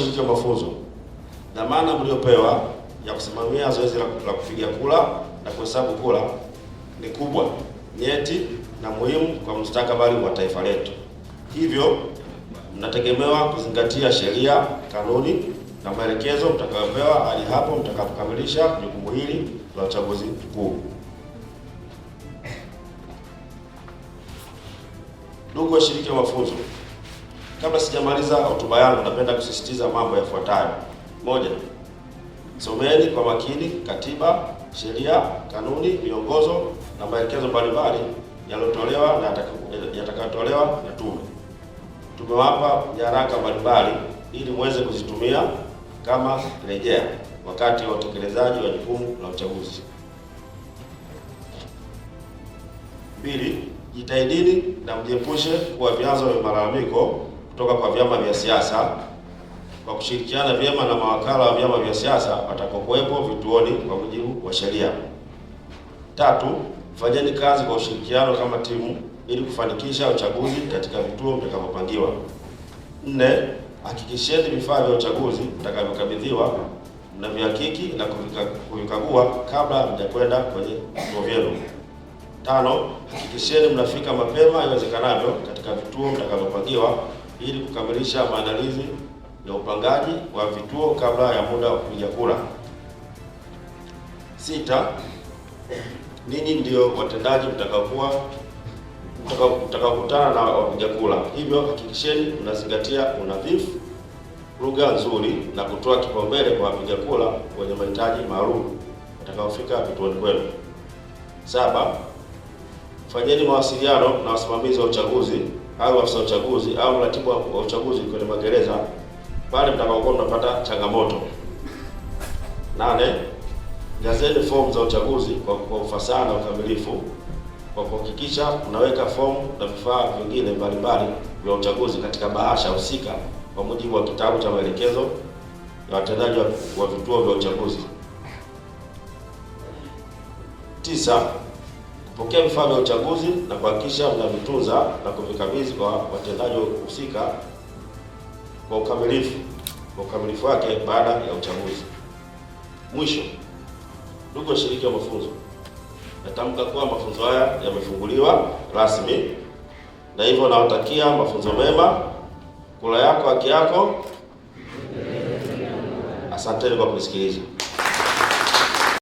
washiriki wa mafunzo, dhamana mliopewa ya kusimamia zoezi la kupiga kura na kuhesabu kura ni kubwa, nyeti na muhimu kwa mustakabali wa taifa letu. Hivyo mnategemewa kuzingatia sheria, kanuni na maelekezo mtakayopewa hadi hapo mtakapokamilisha jukumu hili la uchaguzi mkuu. Ndugu washiriki wa mafunzo Kabla sijamaliza hotuba yangu, napenda kusisitiza mambo yafuatayo: moja, someni kwa makini katiba, sheria, kanuni, miongozo na maelekezo mbalimbali yaliyotolewa na yatakayotolewa na tume. Tumewapa nyaraka mbalimbali ili muweze kuzitumia kama rejea wakati wa utekelezaji wa jukumu la uchaguzi. Pili, jitahidini na mjiepushe kuwa vyanzo vya malalamiko kutoka kwa vyama vya siasa kwa kushirikiana vyema na mawakala wa vyama vya siasa watakokuwepo vituoni kwa mujibu wa sheria. Tatu, fanyeni kazi kwa ushirikiano kama timu ili kufanikisha uchaguzi katika vituo vitakavyopangiwa. Nne, hakikisheni vifaa vya uchaguzi vitakavyokabidhiwa na vihakiki na kuvikagua kabla mjakwenda kwenye vituo vyenu. Tano, hakikisheni mnafika mapema iwezekanavyo katika vituo mtakavyopangiwa ili kukamilisha maandalizi ya upangaji wa vituo kabla ya muda wa kupiga kura. Sita, ninyi ndio watendaji mtakaokuwa mtakaokutana na wapiga kura, hivyo hakikisheni mnazingatia unadhifu, lugha nzuri na kutoa kipaumbele kwa wapiga kura wenye mahitaji maalum watakaofika vituoni kwenu. Saba, fanyeni mawasiliano na wasimamizi wa uchaguzi au afisa uchaguzi au mratibu wa uchaguzi kwenye magereza pale mtakapokuwa mnapata changamoto. Nane, jazeni fomu za uchaguzi kwa, kwa ufasaha na ukamilifu kwa kuhakikisha unaweka fomu na vifaa vingine mbalimbali vya uchaguzi katika bahasha husika kwa mujibu wa kitabu cha maelekezo ya watendaji wa, wa vituo vya uchaguzi. Tisa, pokea vifaa vya uchaguzi na kuhakikisha mnavitunza na kuvikabidhi kwa watendaji husika kwa ukamilifu kwa ukamilifu wake baada ya uchaguzi. Mwisho, ndugu washiriki wa mafunzo, natamka kuwa mafunzo haya yamefunguliwa rasmi, na hivyo nawatakia mafunzo mema. kula yako haki yako. Asanteni kwa kusikiliza.